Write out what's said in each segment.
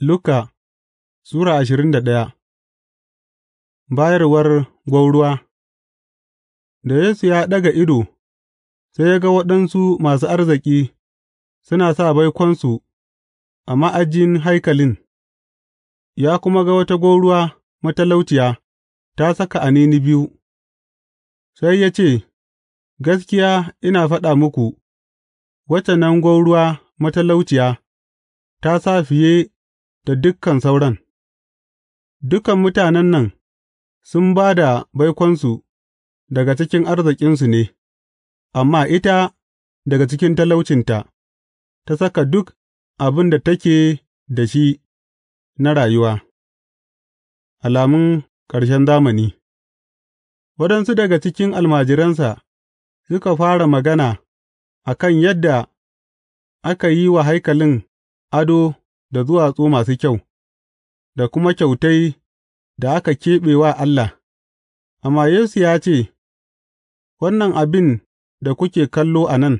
Luka Sura ashirin da ɗaya. Bayarwar gwauruwa Da Yesu ya ɗaga ido, sai ya ga waɗansu masu arziki suna sa baikonsu a ma'ajin haikalin, ya kuma ga wata gwauruwa matalauciya ta saka anini biyu, sai ya ce, Gaskiya ina faɗa muku, Wata nan gwauruwa matalauciya ta sa fiye da dukan sauran, dukan mutanen nan sun ba da baikonsu daga cikin arzikinsu ne, amma ita daga cikin talaucinta ta saka duk abin da take da shi na rayuwa. Alamun ƙarshen zamani Waɗansu daga cikin almajiransa suka fara magana a kan yadda aka yi wa haikalin ado da duwatsu masu kyau, da kuma kyautai da aka keɓe wa Allah, amma Yesu ya ce, Wannan abin da kuke kallo a nan,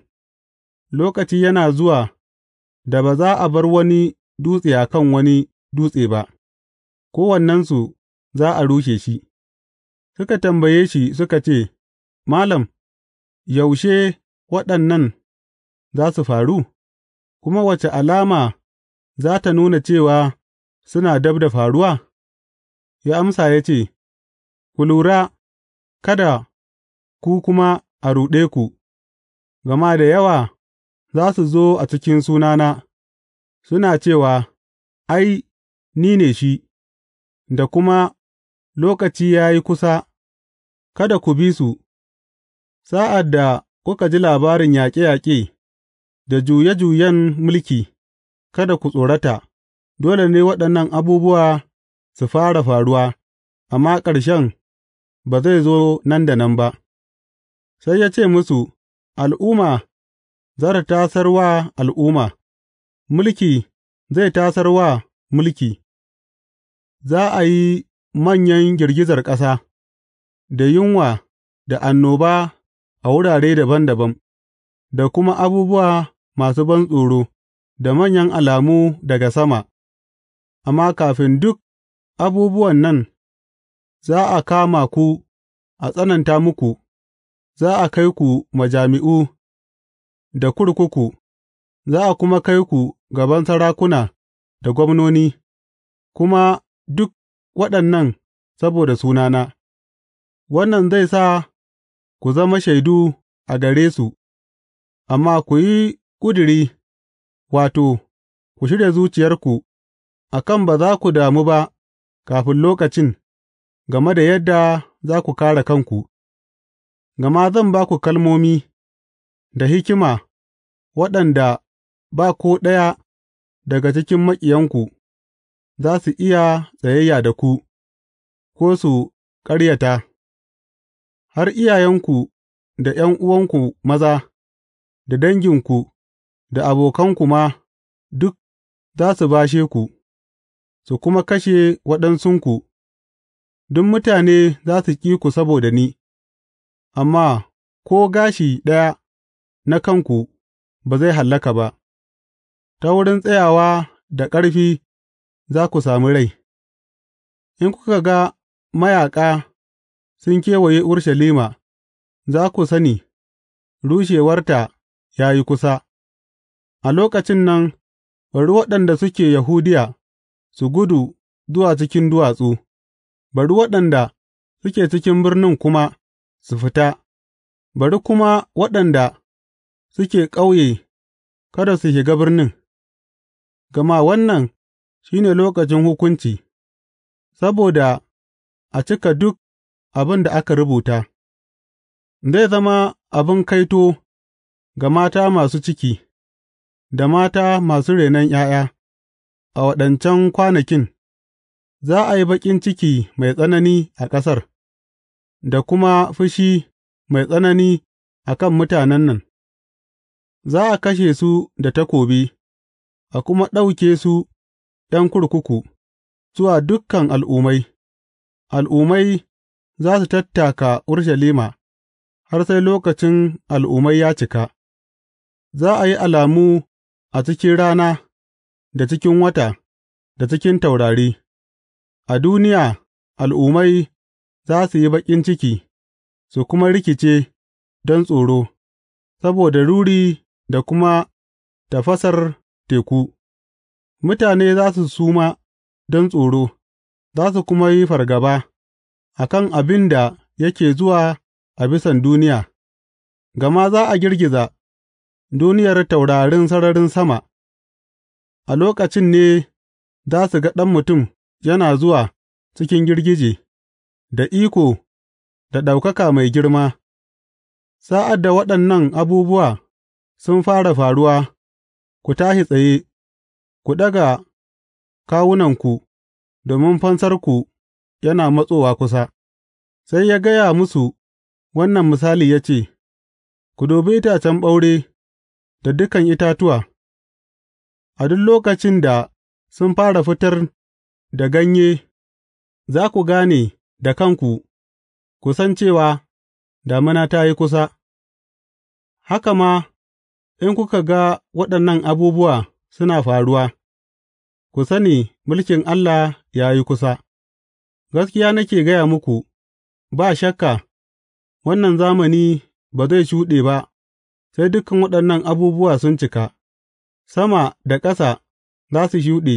lokaci yana zuwa da ba za a bar wani dutse a kan wani dutse ba, kowannensu za a rushe shi. Suka tambaye shi suka ce, Malam, yaushe waɗannan za su faru, kuma wace alama za tă nuna cewa suna dab da faruwa? Ya amsa ya ce, Ku lura, kada ku kuma a ruɗe ku, gama da yawa za su zo a cikin sunana, suna cewa, Ai, ni ne shi, da kuma lokaci ya yi kusa, kada ku bi su, sa'ad da kuka ji labarin yaƙe yaƙe da juye juyen mulki. Kada ku tsorata, dole ne waɗannan abubuwa su fara faruwa, amma ƙarshen ba zai zo nan da nan ba. Sai ya ce musu, Al'umma za tă tasar wa al'umma, mulki zai tasar wa mulki, za a yi manyan girgizar ƙasa, da yunwa da annoba a wurare dabam dabam, da kuma abubuwa masu ban tsoro. da manyan alamu daga sama, amma kafin duk abubuwan nan, za a kama ku a tsananta muku, za a kai ku majami'u da kurkuku, za a kuma kai ku gaban sarakuna da gwamnoni, kuma duk waɗannan saboda sunana, wannan zai sa ku zama shaidu a gare su, amma ku yi ƙuduri. wato, ku shirya zuciyarku a kan ba za ku damu ba kafin lokacin game da yadda za ku kāre kanku, gama zan ba ku kalmomi da hikima waɗanda ba ko ɗaya daga cikin maƙiyanku za su iya tsayayya da ku, ko su ƙaryata, har iyayenku da ’yan'uwanku maza, da danginku. da abokanku ma duk za su bashe ku, su kuma kashe waɗansunku, duk mutane za su ƙi ku saboda ni, amma ko gashi ɗaya na kanku ba zai hallaka ba, ta wurin tsayawa da ƙarfi za ku sami rai, in kuka ga mayaƙa sun kewaye Urushalima, za ku sani rushewarta ya yi kusa. A lokacin nan bari waɗanda suke Yahudiya su gudu zuwa cikin duwatsu, bari waɗanda suke cikin birnin kuma su fita, bari kuma waɗanda suke ƙauye kada su shiga birnin, gama wannan shi ne lokacin hukunci, saboda a cika duk abin da aka rubuta, zai zama abin kaito ga mata masu ciki. da mata masu renon ’ya'ya, a waɗancan kwanakin, za a yi baƙin ciki mai tsanani a ƙasar, da kuma fushi mai tsanani a kan mutanen nan, za a kashe su da takobi, a kuma ɗauke su ’yan kurkuku zuwa dukkan al'ummai, al'ummai za su tattaka Urushalima har sai lokacin al'ummai ya cika, za a yi alamu a cikin rana, da cikin wata, da cikin taurari, a duniya al'ummai za su yi baƙin ciki, su kuma rikice don tsoro, saboda ruri da kuma tafasar teku, mutane za su suma don tsoro, za su kuma yi fargaba a kan abin da yake zuwa a bisan duniya, gama za a girgiza duniyar taurarin sararin sama, a lokacin ne za su ga Ɗan Mutum yana zuwa cikin girgije, da iko da ɗaukaka mai girma, sa'ad da waɗannan abubuwa sun fara faruwa, ku tashi tsaye, ku ɗaga kawunanku, domin fansarku yana matsowa kusa. Sai ya gaya musu wannan misali ya ce, Ku dubi itacen ɓaure. da dukan itatuwa, a duk lokacin da sun fara fitar da ganye, za ku gane da kanku, ku san cewa damina ta yi kusa, haka ma in kuka ga waɗannan abubuwa suna faruwa, ku sani mulkin Allah ya yi kusa. Gaskiya nake gaya muku, ba shakka, wannan zamani ba zai shuɗe ba. Sai dukan waɗannan abubuwa sun cika, sama da ƙasa za su shuɗe,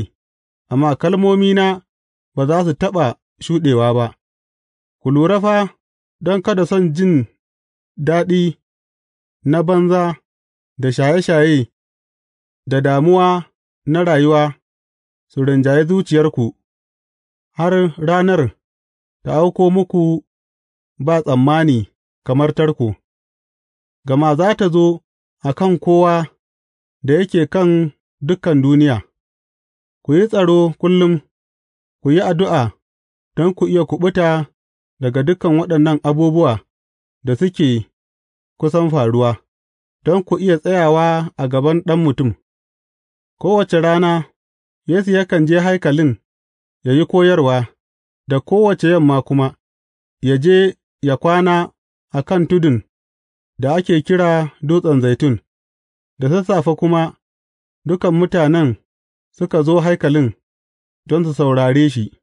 amma kalmomina ba za su taɓa shuɗewa ba, ku lura fa don kada son jin daɗi na banza da shaye shaye da damuwa na rayuwa su rinjaye zuciyarku, har ranar ta auko muku ba tsammani kamar tarko. gama za tă zo a kan kowa da yake kan dukan duniya, ku yi tsaro kullum, ku yi addu'a don ku iya kuɓuta daga dukan waɗannan abubuwa da suke kusan faruwa, don ku iya tsayawa a gaban Ɗan Mutum. Kowace rana, Yesu yakan je haikalin ya yi koyarwa, da kowace yamma kuma, ya je ya kwana a kan tudun. da ake kira Dutsen Zaitun, da sassafe kuma dukan mutanen suka zo haikalin don su saurare shi.